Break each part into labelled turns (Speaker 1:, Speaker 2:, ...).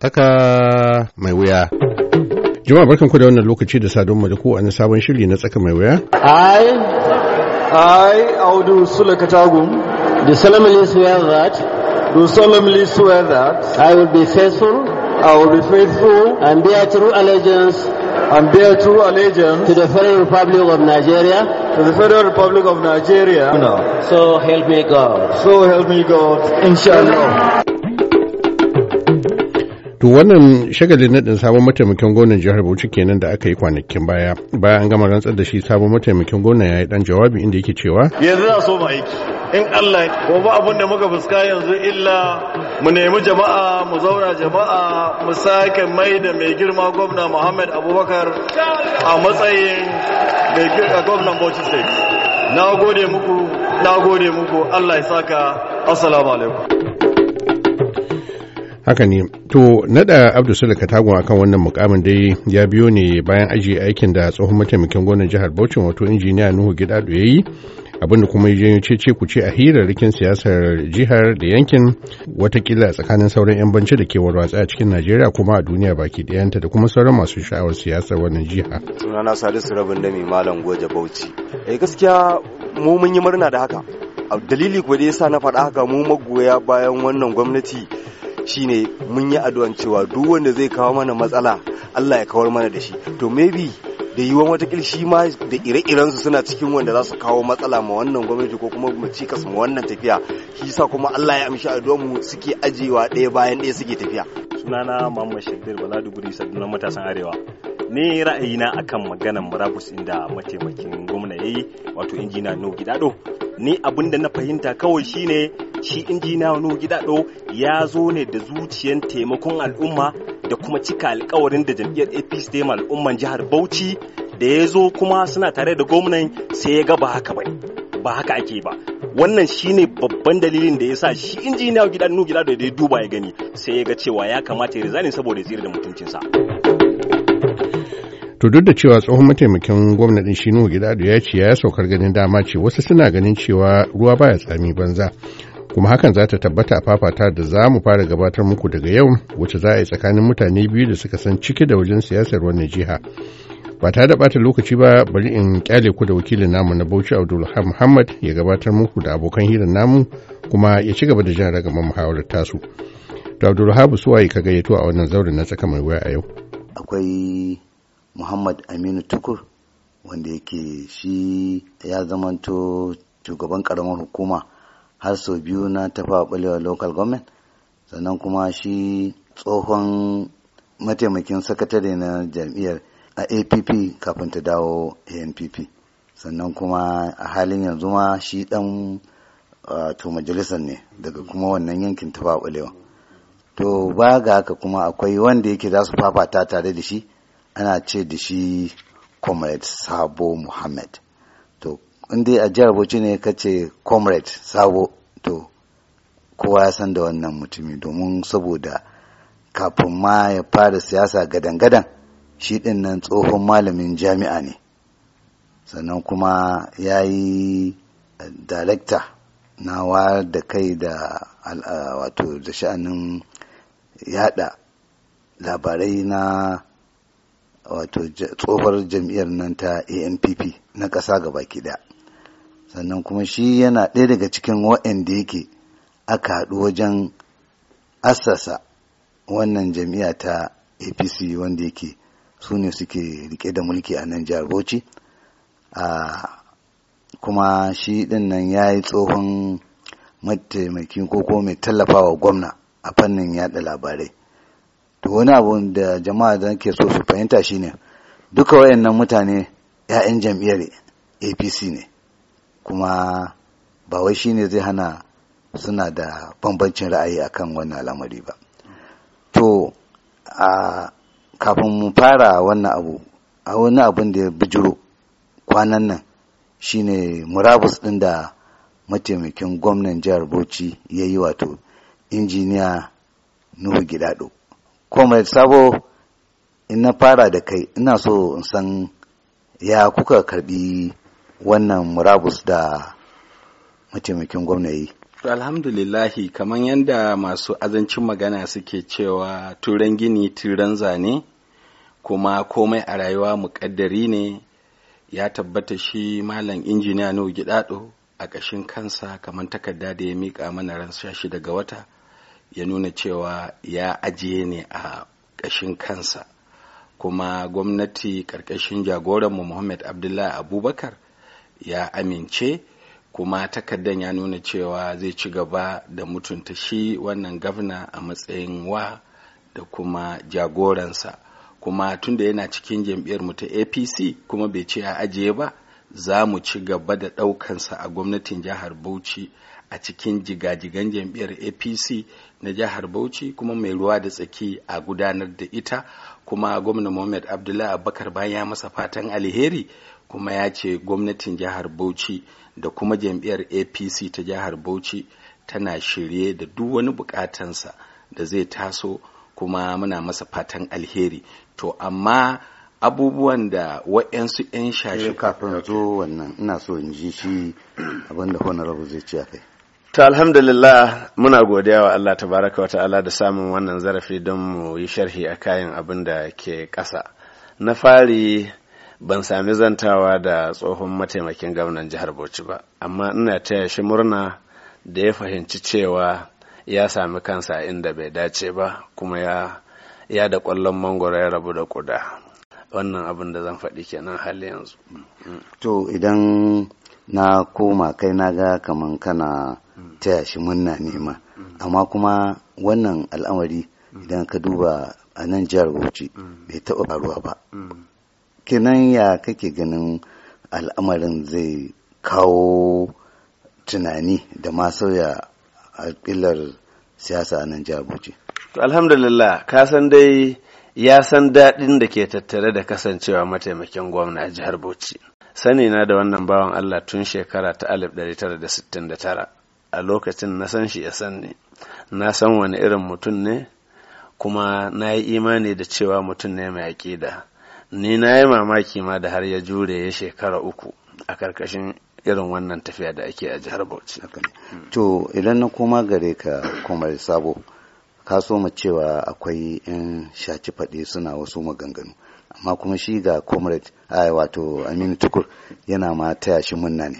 Speaker 1: tsaka mai wuya. Jama'a barkan ku da wannan lokaci da sadon mu da ku a sabon shiri na tsaka mai wuya.
Speaker 2: Ai, ai, Audu Sule Katagum, do solemnly swear that, do solemnly swear that I will be faithful, I will be faithful and bear true allegiance and bear true allegiance to the Federal Republic of Nigeria. To the Federal Republic of Nigeria.
Speaker 3: No.
Speaker 4: So
Speaker 2: help me
Speaker 3: God. So help me God. Inshallah.
Speaker 1: To wannan shagalin naɗin sabon mataimakin gwamnan jihar Bauchi kenan da aka yi kwanakin baya. Bayan an gama rantsar da shi sabon mataimakin gwamnan ya yi ɗan jawabi inda yake cewa.
Speaker 4: Yanzu za so mu aiki. In
Speaker 2: Allah ko ba abin da muka fuska yanzu illa mu nemi jama'a mu zauna jama'a mu sake mai da mai girma gwamna Muhammad Abubakar a matsayin mai gwamnan Bauchi State. Na gode muku, na gode muku, Allah
Speaker 4: ya saka, Assalamu alaikum.
Speaker 1: haka ne to nada abdu sule katagun akan wannan mukamin dai ya biyo ne bayan ajiye aikin da tsohon mataimakin gwamnan jihar bauchi wato injiniya nuhu gida ya yi abinda kuma ya ce ku ce a hirarrikin siyasar jihar da yankin watakila tsakanin sauran yan banci da ke warwatsa a cikin najeriya kuma a duniya baki dayanta da kuma sauran masu sha'awar siyasar wannan jiha
Speaker 2: sunana salisu rabin da mai malam goje bauchi eh gaskiya mu mun yi murna da haka dalili kuwa da yasa na faɗa haka mu magoya bayan wannan gwamnati shine mun yi addu'an cewa duk wanda zai kawo mana matsala Allah ya kawar mana da shi to maybe da yiwuwar wata shi ma da ire iren su suna cikin wanda za su kawo matsala ma wannan gwamnati ko kuma mu cikas ma wannan tafiya shi sa kuma Allah ya amshi mu suke ajiyewa ɗaya bayan ɗaya suke tafiya sunana Muhammad Baladu guri sadunan matasan arewa ne ra'ayina akan maganar murabus inda mataimakin gwamna yayi wato injina no gidado ni abinda na fahimta kawai shine shi injiniya nuhu gidado ya zo ne da zuciyar taimakon al'umma da kuma cika alkawarin da jam'iyyar apc ta al'umman jihar bauchi da ya zo kuma suna tare da gwamnan sai ya ga ba haka ba ba haka ake ba wannan shine babban dalilin da ya sa shi injiniya gidan nuhu gidado da ya duba ya gani sai ya ga cewa ya kamata ya rizani saboda ya tsira da mutuncinsa
Speaker 1: to duk da cewa tsohon mataimakin shi shinu gidado ya ce ya saukar ganin dama ce wasu suna ganin cewa ruwa baya tsami banza kuma hakan za ta tabbata a fafata da za mu fara gabatar muku daga yau wacce za a yi tsakanin mutane biyu da suka san ciki da wajen siyasar wannan jiha ba ta da bata lokaci ba bari in kyale ku da wakilin namu na Bauchi Abdulhamid Muhammad ya gabatar muku da abokan hirin namu kuma ya ci gaba da jan ragaman muhawarar tasu to Abdulhamid suwaye ka gayyato a wannan zauren na tsaka mai waya a yau
Speaker 3: akwai Muhammad Aminu Tukur wanda yake shi ya zamanto shugaban karamar hukuma har sau biyu na tafa balewa local government sannan kuma shi tsohon mataimakin sakatare na jam'iyyar a app kafin ta dawo anpp sannan kuma a halin yanzu ma shi dan to majalisar ne daga kuma wannan yankin tafa balewa to ba ga haka kuma akwai wanda yake za su fafata tare da shi ana ce da shi comrade sabo muhammad to in dai a jihar bauchi ne ka ce comrade sabo to kowa ya san da wannan mutumi domin saboda kafin ma ya fara siyasa gadan-gadan shi ɗin nan tsohon malamin jami'a ne sannan kuma ya yi eh, darekta na wayar da kai da ah, wato da sha'anin yada labarai na wato tsohuwar jam'iyyar nan ta ampp na ƙasa gaba ɗaya sannan kuma shi yana ɗaya daga cikin waɗanda yake aka haɗu wajen asasa wannan jami'a ta apc wanda yake su ne suke rike da mulki a nan jihar bauchi kuma shi ɗin nan ya yi tsohon mataimakin ko kuma mai tallafawa gwamna a fannin yaɗa labarai to wani abu da jama'a da ke so su fahimta shine duka wayannan mutane 'ya'yan jam'iyyar apc ne kuma ba wai shine zai hana suna da bambancin ra'ayi akan wannan al'amari ba to a kafin mu fara wannan abu a wani abin da ya bijiro kwanan nan shi ne murabus ɗin da mataimakin gwamnan jihar bauchi ya yi wato injiniya nuhu gidado kuma sabo in fara da kai ina so in san ya kuka karbi wannan murabus da mataimakin gwamnati
Speaker 2: alhamdulillahi kamar yadda masu azancin magana suke cewa turan gini turan zane kuma komai a rayuwa muƙaddari ne ya tabbata shi malam injiniya nuhu gidado a ƙashin kansa kamar takarda da ya mika mana ran shashi daga wata ya nuna cewa ya ajiye ne a ƙashin kansa kuma gwamnati ƙarƙashin jagoranmu muhammad abdullahi abubakar ya amince kuma takardan ya nuna cewa zai ci gaba da mutunta shi wannan gavna a matsayin wa da kuma jagoransa kuma tunda yana cikin jam'iyyar mu ta apc kuma bai ce a ajiye ba za mu ci gaba da ɗaukansa a gwamnatin jihar bauchi a cikin jigajigan jam'iyyar apc na jihar bauchi kuma mai ruwa da tsaki a gudanar da ita kuma gwamna mohamed abdullahi abubakar bayan ya masa fatan alheri kuma ya ce gwamnatin jihar bauchi da kuma jam'iyyar apc ta jihar bauchi tana shirye da duk wani bukatansa da zai taso kuma muna masa fatan alheri to amma abubuwan da waɗansu 'yan shashi eh, kafin zo wannan ina so in ji shi abinda honorable zai ci a kai
Speaker 4: ta alhamdulillah muna godiya wa Allah tabaraka wata'ala da samun wannan zarafi don mu yi sharhi a kayan abin da ke ƙasa. Na fari ban sami zantawa da tsohon mataimakin gwamnan jihar bauchi ba amma ina taya shi murna da ya fahimci cewa ya sami kansa inda bai dace ba kuma ya da kwallon mangoro ya rabu da kuda wannan abin da zan faɗi kenan hali yanzu
Speaker 3: to idan na koma kai na ga kaman kana taya shi murna nema amma kuma wannan al'amari idan ka duba a nan jihar bauchi bai taɓa faruwa ba kinan ya kake ganin al'amarin zai kawo tunani da ma sauya alƙilar siyasa a nan jihar Bauchi.
Speaker 4: Alhamdulillah, ka san dai ya san daɗin da ke tattare da kasancewa mataimakin gwamna a jihar Bauchi. Sani na da wannan bawan Allah tun shekara ta 1969 a lokacin na san shi ya san ne, na san wani irin mutum ne, kuma na yi imani da cewa mutum ne mai aƙida. ni na yi mamaki ma da har ya jure ya shekara uku a karkashin irin wannan tafiya da ake a jihar Bauchi.
Speaker 3: To idan na koma gare ka kuma sabo ka so mu cewa akwai yan shaci faɗi suna wasu maganganu amma kuma shi ga comrade wato aminu tukur yana ma taya munna ne.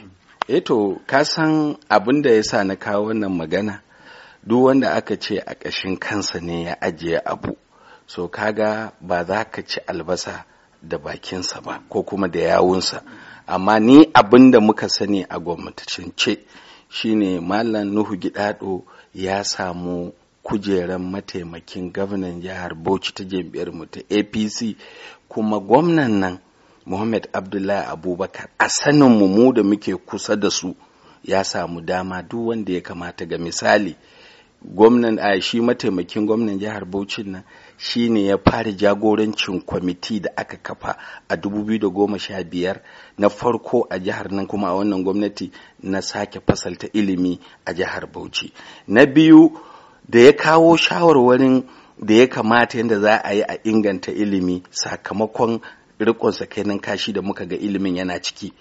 Speaker 2: Eto eh ka san abin da ya sa na kawo wannan magana duk wanda aka ce a ƙashin kansa ne ya ajiye abu so kaga ba za ka ci albasa da bakinsa ba ko kuma da yawunsa amma ni abin da muka sani a shi shine malam nuhu gidado ya samu kujeran mataimakin gwamnan jihar bauchi ta jam'iyyar mu ta apc kuma gwamnan nan muhammad abdullahi abubakar a sanin mu da muke kusa da su ya samu dama duk wanda ya kamata ga misali gwamnan a shi mataimakin gwamnan jihar bauchi nan shine ya fara jagorancin kwamiti da aka kafa a 2015 na farko a jihar nan kuma a wannan gwamnati na sake fasalta ilimi a jihar Bauchi. Na biyu da ya kawo shawarwarin da ya kamata yadda za a yi a inganta ilimi sakamakon rikon tsakanin kashi da muka ga ilimin yana ciki.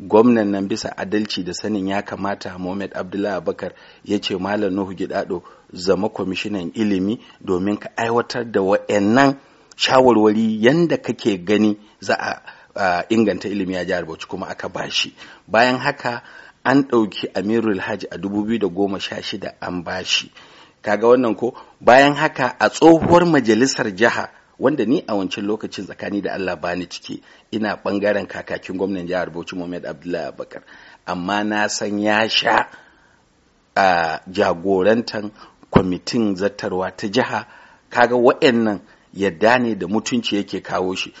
Speaker 2: gwamnan nan bisa adalci da sanin ya kamata Mohamed Abdullahi Abakar ya ce Malam Nuhu Gidado zama kwamishinan ilimi domin ka aiwatar da wa'annan shawarwari yanda kake gani za a inganta ilimi a jihar Bauchi kuma aka bashi bayan haka an ɗauki Amirul Hajji a 2016 an bashi kaga wannan ko bayan haka a tsohuwar majalisar jiha wanda ni a wancan lokacin tsakani da Allah bani ciki ina bangaren kakakin gwamnan jihar Bauchi Muhammad Abdullahi Abubakar amma na san ya sha a jagorantan kwamitin zattarwa ta jiha kaga wa'annan yadda ne da mutunci yake kawo shi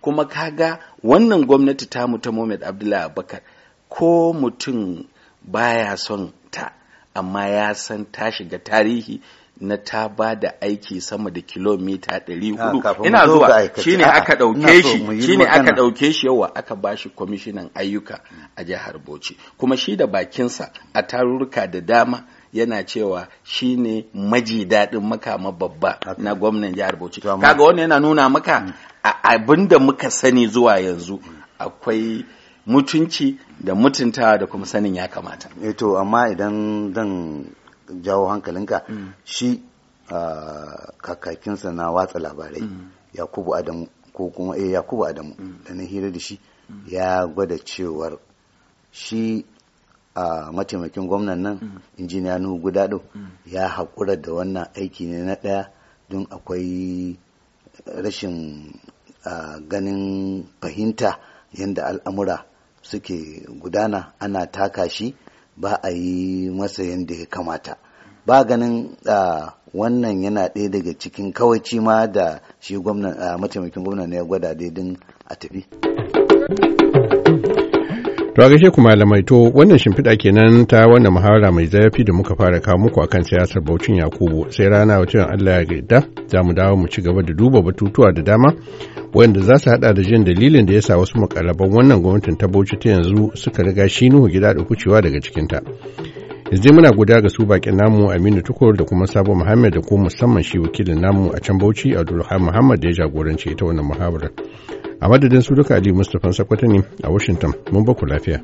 Speaker 2: kuma kaga wannan gwamnati ta ta Muhammad Abdullahi Abubakar ko mutum baya son ta amma ya san ta shiga tarihi na ta ba da aiki sama da kilomita 400 ah, ina zuwa shine aka dauke shi shine aka dauke shi yawa aka bashi kwamishinan ayyuka a jihar Bauchi kuma shi da bakinsa a tarurruka da dama yana cewa shine maji dadin makama babba na gwamnan jihar Bauchi. Kaga wannan yana nuna maka mm. abin da muka sani zuwa yanzu akwai mutunci da mutuntawa da kuma sanin
Speaker 3: ya kamata. Eto eh amma idan zan jawo hankalinka mm. shi ah, kakakinsa na watsa labarai mm. yakubu adamu ko kuma eh yakubu adamu mm. da na hira da shi ya gwada cewar shi a ah, mataimakin gwamnan nan injiniya nuhu gudado ya haƙura da wannan aiki ne na ɗaya don akwai rashin ah, ganin fahimta yadda al'amura suke gudana ana taka shi ba a yi masa yadda ya kamata ba ganin wannan yana ɗaya daga cikin kawaici ma da shi mataimakin gwamna ya gwada daidin a tafi.
Speaker 1: To a gaishe ku malamai to wannan shimfiɗa kenan ta wannan muhawara mai zafi da muka fara kawo muku akan siyasar Bauchin Yakubu sai rana wacce Allah ya gaida za mu dawo mu ci gaba da duba batutuwa da dama wanda za su hada da jin dalilin da ya sa wasu makalaban wannan gwamnatin ta Bauchi ta yanzu suka riga shi Nuhu gida da kucewa daga cikinta. ta. yanzu muna guda ga su bakin namu aminu tukur da kuma sabo muhammad da kuma musamman shi wakilin namu a can bauchi abdulrahman muhammad da ya jagoranci ita wannan muhawarar a madadin su duka ali mustapha sakwatani a washington mun baku lafiya